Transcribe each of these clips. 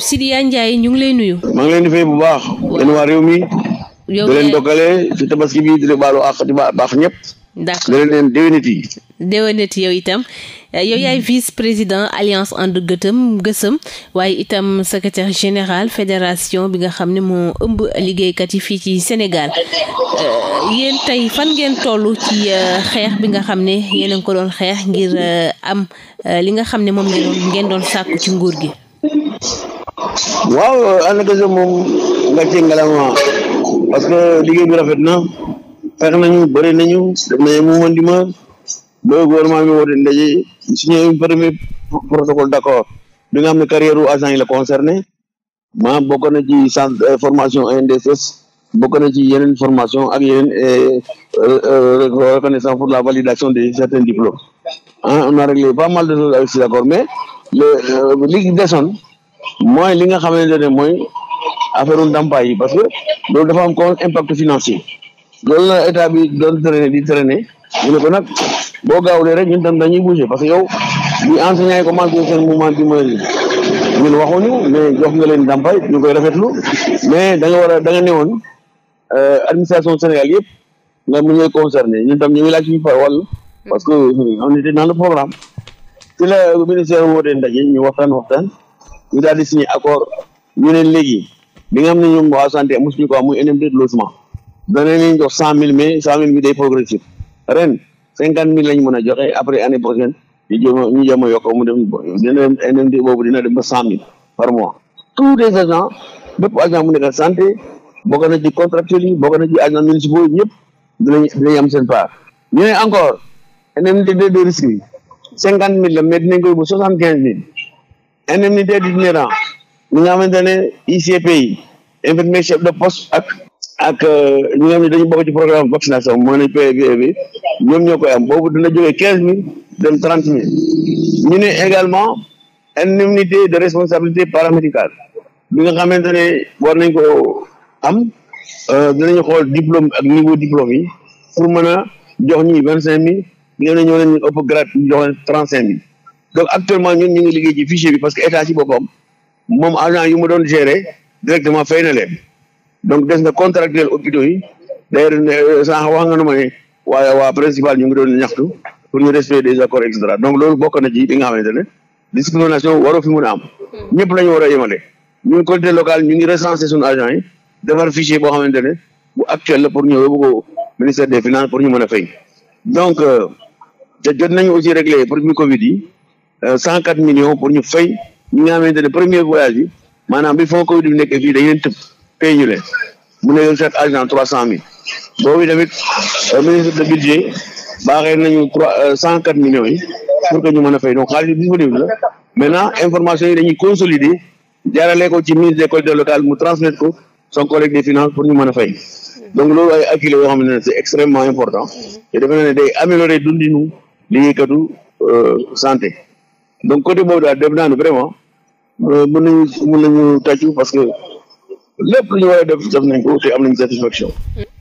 Sidya Ndiaye ñu ngi lay nuyu. maa ngi leen di fay bu baax. yéen waa réew mi. yow da ci tabaski bi di leen baalu àq di baax ñëpp. d'accord da leen déwéniti. déwéniti yow itam euh, yow yaay vice président alliance And Gëtëm Gësëm waaye itam secrétaire général fédération bi nga xam ne moo ëmb liggéeykat yi fii ci Sénégal euh, yéen tey fan ngeen toll ci euh, xeex bi nga xam ne yéen ko doon xeex ngir am li nga xam ne moom doon ngeen doon sàkku ci nguur gi. waaw ànd ak moom gàcce ngalama parce que liggéey bi rafet na fexe nañu bëri nañu def nañu mouvement d'humeur ba gouvernement mi woote ndaje signé un premier protocole d'accord bi nga xam ne carrière u agent yi la ma bokk na ci centre euh, formation INDSS bokk na ci yeneen formation ak yeneen euh, euh, reconnaissance pour la validation de certains diplômes ah on a réglé pas mal de choses avec cet accord mais le li desoon mooy li nga xamante ne mooy affaire ndàmpaay yi parce que loolu dafa am kon impact financier loolu la état bi doon traîner di traîner ñu ne ko nag boo gaawulee rek ñun tam dañuy bouger parce que yow bi enseignant yi commencé seen mouvement di mooy ñun waxuñu mais jox nga leen ndàmpaay ñu koy rafetlu mais da nga war a da nga newoon euh, administration Sénégal yëpp nga mu ñuy concerné ñun tam ñu ngi laaj suñu par wàll parce que on était dans le programme ci la ministère woote ndaje ñu waxtaan waxtaan ñu daal di signé accord ñu ne léegi li nga xam ne santé mosuñu ko am muy indemnité de logement danañ leen jox cent mille mais cent mille bi day progressif ren cinquante mille lañ mën a joxe après année prochaine ñu jéem a yokk mu dem dina dem indemnité boobu dina dem ba cent mille par mois tous les agents bépp agent mu nekk santé bokk na ci contractuels yi bokk na ci agents municipaux yi ñëpp dinañ dinañ am seen part ñu encore indemnité de risque yi cinquante mille la mais dinañ koy indemnité d' itinérant ñi nga xamante ne ICP yi infirmier chef de poste ak ak euh, ñi nga xam ne dañu bokk ci programme vaccination moo ne PV bi ñoom ñoo koy am boobu dina jógee quinze mille dem trente mille ñu ne également indemnité de responsabilité paramédicale bi nga xamante ne war nañ ko am euh, dinañu xool diplôme ak niveau diplôme yi pour mën a jox ñi vingt cinq mille ñoo ne ñoo leen ñu ëpp grade jox leen trente cinq mille donc actuellement ñun ñu ngi liggéey ci fichier bi parce que état ci boppam moom agent yi mu doon gérer directement fay na leen donc des na contractuel hôpitaux yi d'ailleurs euh, sànq wax nga nu ma ne waa waa principal ñu ngi doon ñaxtu pour ñu respect des accords et cetera donc loolu bokk na ci li nga xamante ne discrimination waroo fi mun a am hmm. ñëpp lañu ñu war a yemale ñun collectivité locale ñu ngi recenser suñu agent yi defar fichier boo xamante ne bu actuel la pour ñu yóbbu ko ministère des finances pour ñu mën a fay donc euh, te jot nañu aussi réglé pour mi Covid yi Euh, cent quatre millions pour ñu fay ñi nga xamante ne premier voyage yi maanaam bi fond Covid bi nekkee fii dañu leen tëb pay ñu leen mu nekk chaque agent trois cent mille boobu tamit euh, ministre de budget baaxee nañu trois euh, cent quatre millions yi pour que ñu mën a fay donc xaalis bi disponible la maintenant information yi dañuy consolider jaarale ko ci ministre des collectivités locales mu transmettre ko son collègue des finances pour ñu mën a fay donc loolu ay acculé yoo xam ne c'est extrêmement important te defe naa ne day améliorer dundinu liggéeykatu santé donc côté boobu daal def naa ne vraiment euh, mën nañu mën tàccu parce que lépp ñu war a def satisfaction.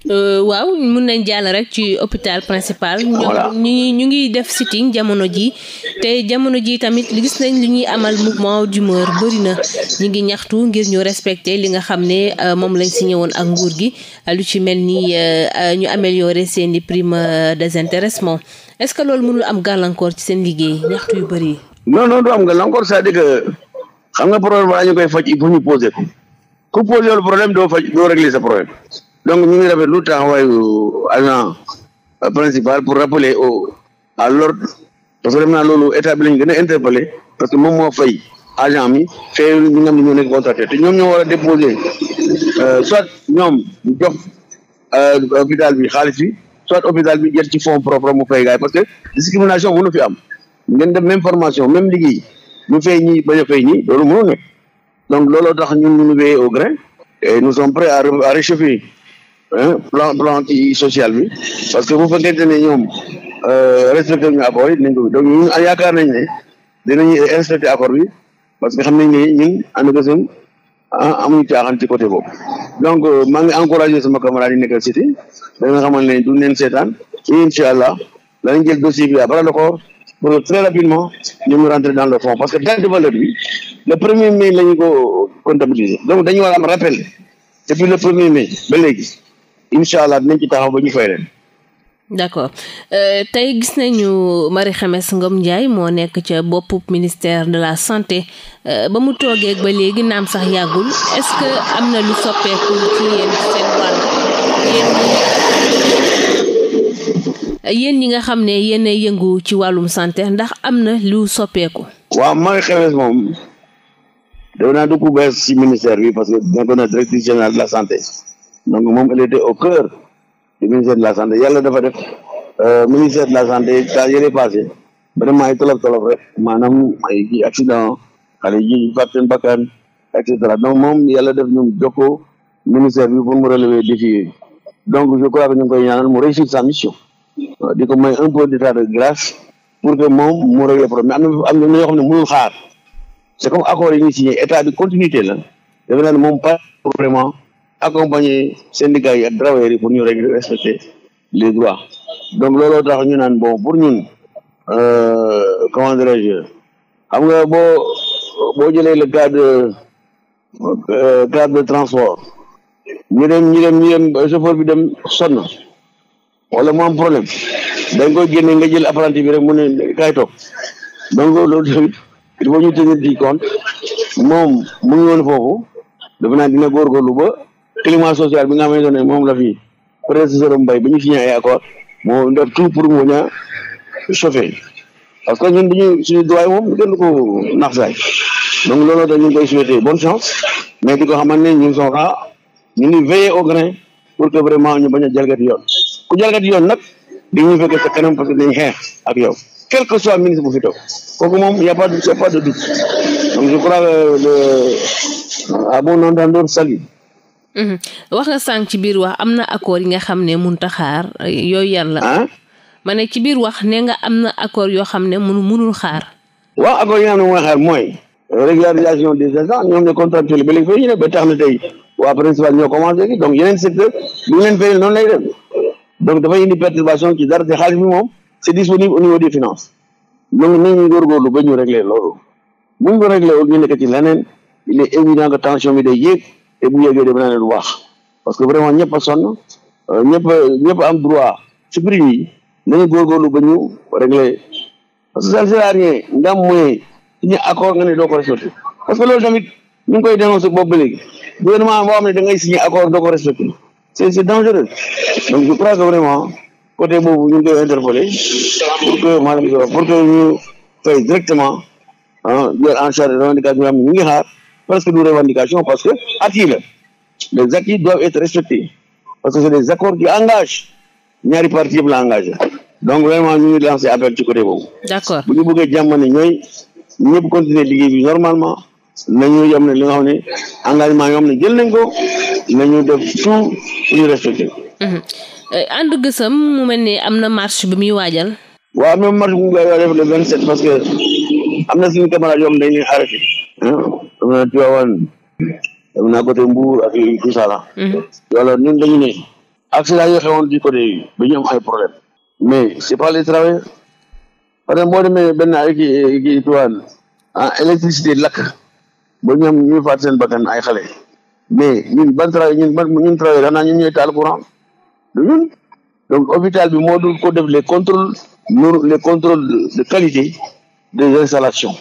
Euh, waaw mën nañ jàll rek ci hôpital principal. ñu ngi ñu ngi def sitting jamono ji te jamono ji tamit gis nañ li ñuy amal mouvement d'humeur bëri na ñu ngi ñaxtu ngir ñu respecter li nga xam ne euh, moom lañ si ñëwoon ak nguur gi lu ci mel ni ñu améliorer seen i prime désintéressement est-ce que loolu mënul am gàllankoor ci seen liggéey ñaxtu yu bëri. non non du am nga c'est-à-dire que xam nga problème balaa ñu koy faj il faut ñu ko ku poser le problème doo faj doo régler sa problème donc ñu ngi rafetlu taxawaayu agent principal pour rappeler au à l'ordre parce que dem naa loolu état bi lañ gën a interpellé parce que moom moo fay agent mi fee ñi nga xam ne ñoo nekk contracté te ñoom ñoo war a déposer euh, soit ñoom jox euh, hôpital bi xaalis bi soit hôpital bi jël ci fonds propre mu fay gaay parce que discrimination mënu fi am ngeen def même formation même liggéey ñu fay ñi bañ a fay ñi loolu donc looloo tax ñun ñu veiller au grain et nous sommes prêts à à plan plan ci social bi parce que bu fekkente ne ñoom euh, respecté ñu accord yi dinañ ko donc ñun yaakaar nañ ne dinañu respecté accord bi parce que xam nañ ne ñun ànd ko seen ah amuñu caaxaan ci côté boobu donc euh, maa ngi encouragé sama camarade yi nekkal cité da nga xamal ne du neen seetaan incha allah danañ jël dossier bi à bras corps pour très rapidement ñu mu rentrer dans le fond parce que date de valeur bi le premier mai la ñu ko comptabiliser donc dañu war a am rappel depuis le premier mai ba léegi incha allah dinañ ci taxaw ba ñu fay leen. d'accord euh, tey gis nañu Marie Khemesse Ngom Ndiaye moo nekk ca boppu ministère de la santé euh, ba mu toogee ba léegi naam sax yàggul est-ce que am na lu soppeeku ci yéen seen wàll yéen yéen yi nga xam ne yéen a yëngu ci wàllum santé ndax am na lu soppeeku. waaw Marie Khemesse moom def naa du ku bees si ministère bi parce que nekkoon na directrice générale de la santé donc moom elle était au cœur du ministère de yàlla dafa def euh, ministère de la santé saa yële passé vraiment ay tolof tolof rek maanaam ay kii accident xale yi fàtte seen bakkan et cetera donc moom yàlla def ñu jokkoo ministère bi pour mu relever défi donc je crois que ñu ngi koy ñaanal mu réussir sa mission. di ko may un peu d'état de grâce pour que moom mu réglé problème mais am na mu na xam ne mënul xaar c'est comme accord yi ñu signé état de continuité la defe naa ne moom pas pour vraiment accompagner syndicats yi ak travailleurs yi pour ñu régler respecter les droits donc looloo tax ñu naan bon pour ñun euh, comment dirais-je xam nga boo boo jëlee le cas de euh, cadre de transport ñu dem ñu dem ñu bi dem sonn wala mu am problème dañ koy génne nga jël apprenti bi rek mu ne kaay toog donc loolu tamit il faut ñu tenir di compte moom mu ngi woon foofu dafa naa dina lu ba climat social bi nga xamante ne moom la fi prédécesseur mbay bi ñu signé ay accord moo def tout pour mu ñaa chauffé parce que ñun dañuy suñu doy moom kenn du ko nax saay donc looloo tax ñu koy souhaité bonne chance mais di ko xamante ne ñu ngi soxla ñu ngi veiller au grain pour que vraiment ñu bañ a jalgati yoon. ku jalgati yoon nag bi ñu fekkee sa kanam parce que xeex ak yow quel que soit ministre bu fi kooku moom y' a pas de y' a pas de doute donc je crois que à bon entendeur mhm. wax nga sànq ci biir wax am na accord yi nga xam ne mun taxaar yooyu yan la. ah ma ne ci biir wax ne nga am na accord yoo xam ne mun munul xaar. waaw accord yi nga xam mooy xaar mooy. régularisation des agents ñoom ne contractuel ba léegi fay ne ba tax na tey waa principal ñoo commencé donc dafay indi perturbation ci dara te xaalis bi moom c'est disponible au niveau des finances donc nañu góorgóorlu ba ñu réglé loolu bu ñu ko réglé wul ñu nekk ci leneen il est évident que tension bi day yéeg te bu yéegee dem na leen wax parce que vraiment ñëpp a sonn euh, ñëpp ñëpp am droit ci prix yi nañu góorgóorlu ba ñu réglé parce que ça ne sert rien nga am moyen ci ñu accord nga ne doo ko respecté parce que loolu tamit ñu ngi koy dénoncé boobu ba léegi boo xam ne da ngay signé accord doo ko respecté c'est c'est dangereux donc je crois vraiment côté boobu ñu ngi koy interpellé pour que maanaam Dora pour que ñu fay directement ah jël en charge revendication am ñu ngi xaar parce que du revendication parce que at yii la les acquis doivent être respectés parce que c'est des accords qui engagent ñaari parties yëpp la engagé donc vraiment ñu ngi lancé appel ci côté boobu. d'accord bu ñu bëggee jàmm ne ñooy ñëpp continuer liggéey bi normalement na ñu ne li nga engagement yoo xam nañ ko nañu ñu respecté ko. Mhm. Euh, ànd gësëm mu mel ni am na marche bi muy waajal. waaw am na marche bu mu koy waajal le vingt sept parce que am na suñu camarades yoo xam ne dañuy am na Tivaouane am na côté Mbour ak tout ça là. alors mhm. ñun dañu ne accident yi xewoon di côté yi dañu am ay problème mais c'est pas les travailleurs parce boo demee benn ay kii kii Tivaouane ah électricité lakk ba ñoom faat seen bakkan ay xale. mais ñun ban travail ñun ban ñun travail xanaa ñun ñooy taal courant ñun donc hôpital bi moo dul def les contrôles loolu les contrôles de qualité des installations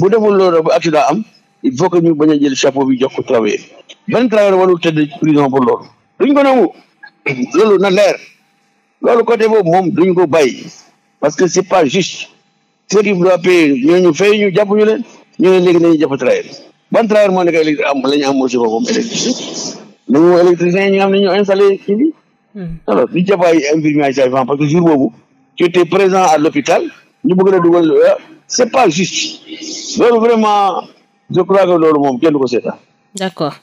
bu deful loolu bu am il faut ñu bañ a jël chapeau bi jox ko travailleur ban travailleur warul tëdd prison pour loolu duñ ko nangu loolu na leer loolu côté boobu moom duñ ko bàyyi parce que c'est pas juste ceux qui doivent ñu ñooñu fay ñu jàpp ñu leen ñu ne ñu nañu jàpp ban travailleur moo nekk la ñu amul si boppam électricien dañu woo électricien ñi nga xam ne ñoo installé kii bi hmm. alors ñu jàppaay infirmier sage-femme parce que jour boobu tu te présent à l'hôpital ñu bëgg la dugal euh, c'est pas juste loolu vraiment je crois que loolu moom kenn du ko seetaan d'accord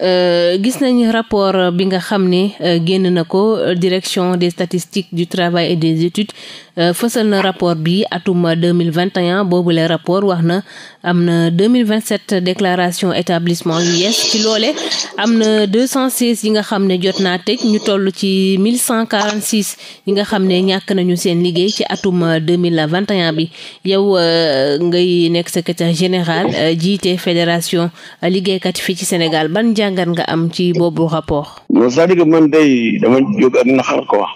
Euh, gis nañ rapport bi nga xam ne euh, génn na ko direction des statistiques du travail et des études euh, fësal na rapport bi atum 2021 boobu le rapport wax na am na 2027 déclaration établissement yu yees ci loole am na 216 yi nga xam ne jot naa tëj ñu toll ci 1146 yi nga xam ne ñàkk nañu seen liggéey ci atum 2021 bi yow ngay nekk secrétaire général jiite fédération liggéeykat fii ci Sénégal jàngat nga am ci boobu rapport. non c'est-à-dire que man day dama jóg ak naxar quoi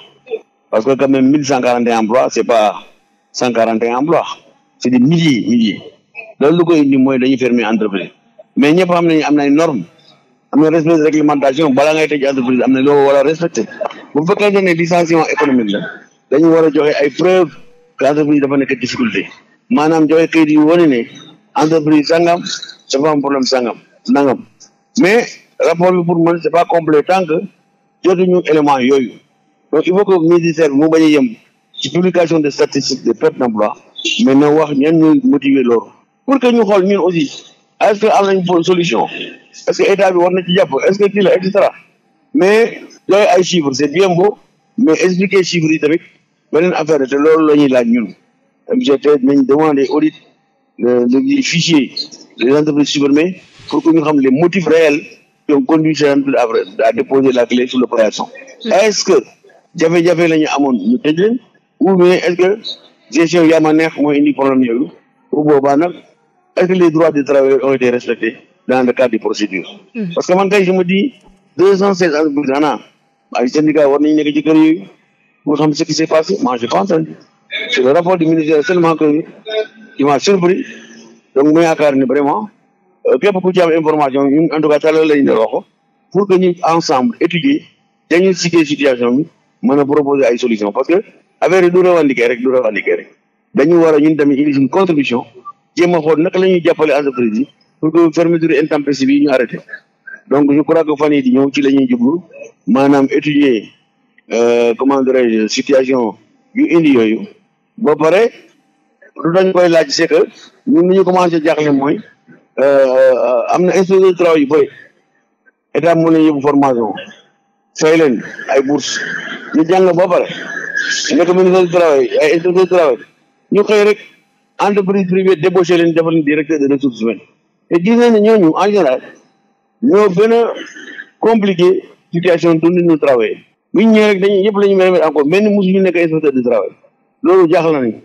parce que quand même cent quarante et un c'est pas cent quarante et un c'est des milliers milliers loolu lu koy indi mooy dañuy fermer entreprise mais ñëpp xam nañu am na ay normes am na respect réglementation balaa ngay tëj entreprise am na loo war a respecté bu fekkee ne licenciement économique la dañu war a joxe ay preuve que entreprise dafa nekk difficulté maanaam joxe kayit ne entreprise sangam dafa am mais rapport bi pour man c'est pas complet tant que jotuñu élément yooyu donc il faut que ministère bi mu bañ a yem ci publication de statistiques de perte d'emploi mais na wax ñan ñuy motiver loro pour que ñu xool ñu aussi est-ce que am nañ pour solution est-ce que état bi war na ci jàpp est-ce que kii la et cetera mais yooyu ay chiffres c'est bien beau mais expliquer chiffres yi tamit beneen affaire te loolu la ñuy laaj ñun MGT nañ demander audit euh, le fichier des entreprises supprimées pour que ñu xam les motifs réels qui ont à déposer la clé sur l'opération est-ce que jafe-jafe la ñu amoon ñu tëj ou bien est-ce que gestion yaa ma neex mooy indi problème yooyu bu boobaa nag est-ce que les droits des travailleurs ont été respectés dans le cadre des procédures mmh. parce que man kay je me dis deux cent seize entreprises ana ay nekk ci pour xam ce qui s'est passé moi je pense c'est le rapport du ministère seulement que donc képp ku ci information ñun en tout cas talal lañu ne loxo pour que ñu ensemble étudier dañuy cité situation bi mën proposer ay solution parce que affaire yi du revendiquer rek du revendiquer rek dañu war a ñun tamit indi suñu contribution jéem a xool naka la ñuy jàppale entreprise yi pour que fermeture intempestive yi ñu arrêté donc je crois que fan yii di ñëw ci la jublu maanaam étudier euh, comment dirais-je situation yu indi yooyu ba pare lu dañ koy laaj c'est que ñun li ñu commencé jaaxle mooy Euh, am na institut de travail yu bëri état moo leen yóbbu formation fay leen ay bourse ñu jàng ba pare nekk ministre du travail ay institut de travail ñu xëy rek entreprise privée débauché leen defal directeur de ressources humaines te gis nañ ne ñooñu en ñoo gën a compliqué situation dund ñu travail bu ñu ñëwee rek dañuy yëpp la ñu mën a mettre encore mel ni mosuñu nekk inspecteur du travail loolu jaaxal nañu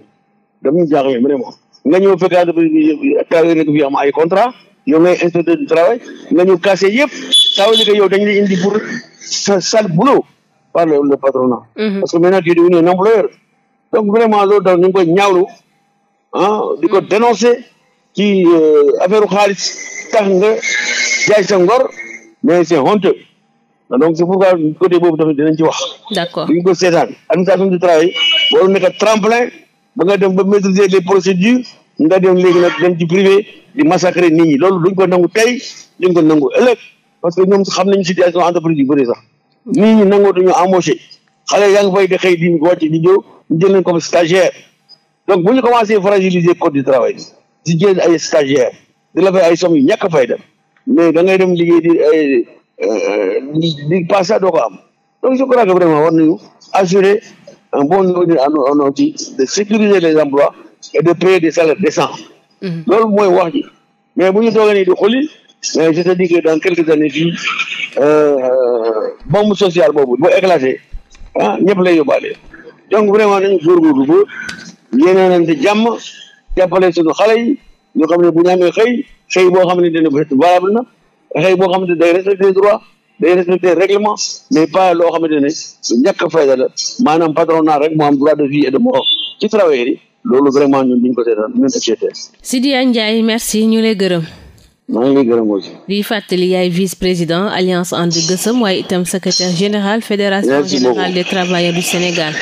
dañuy jaaxle vraiment. nga ñëw fekk entreprise nekk fi am ay contrat yow ngay inspecteur du travail nga ñëw cassé yëpp ça veut dire que dañ lay indi pour sa sale boulot par le le patronat. Mhm. parce que maintenant tu es devenu un employeur. donc vraiment loolu daal ñu ngi koy ñaawlu ah di ko mhm. dénoncer ci euh, affaire xaalis tax nga jaay sa ngor mais c'est honteux donc c'est pourquoi côté boobu tamit dinañ ci wax. d'accord bu ñu ko seetaan administration du travail waroon nekk tremplin. ba nga dem ba maîtriser les procédures nga dem léegi nag dem ci privé di massacrer nit ñi loolu duñ ko nangu tey duñ ko nangu ëllëg parce que ñoom xam nañu situation entreprise yu bëri sax nit ñi nangootuñu embauché xale yaa ngi fay di xëy di wàcc di ñëw ñu jël leen comme stagiaire donc bu ñu commencé fragiliser code du travail di jël ay stagiaire di la fay ay somme yu ñàkk fay dem mais da ngay dem liggéey di ay euh, euh, di passé doo ko am donc je crois que vraiment war nañu un bon revenu en outil de sécuriser les emplois et de payer des salaires décents. Mm-hmm. mooy wax ji mais bu ñu toogee nii di xuli mais je te dis que dans quelques années fii euh, bombe sociale boobu boo éclaté ah ñëpp lay yóbbaale donc vraiment nañu góorgóorlu ba yéeneenante jàmm jàppale suñu xale yi ñu xam ne bu ñu amee xëy xëy boo xam ne dina valable na xëy boo xam ne day respecté droit day respecter règlement mais pas loo xamante ne ñàkk fayda la maanaam patronat rek moom am droit de vie et de mort ci travailleurs yi loolu vraiment ñun duñ ko seetaan ñun société Sidya Ndiaye ñu lay gërëm maa ngi lay gërëm aussi di fàttali yaay vice président alliance And Gueusseum waaye itam secrétaire général fédération générale des travailleurs du Sénégal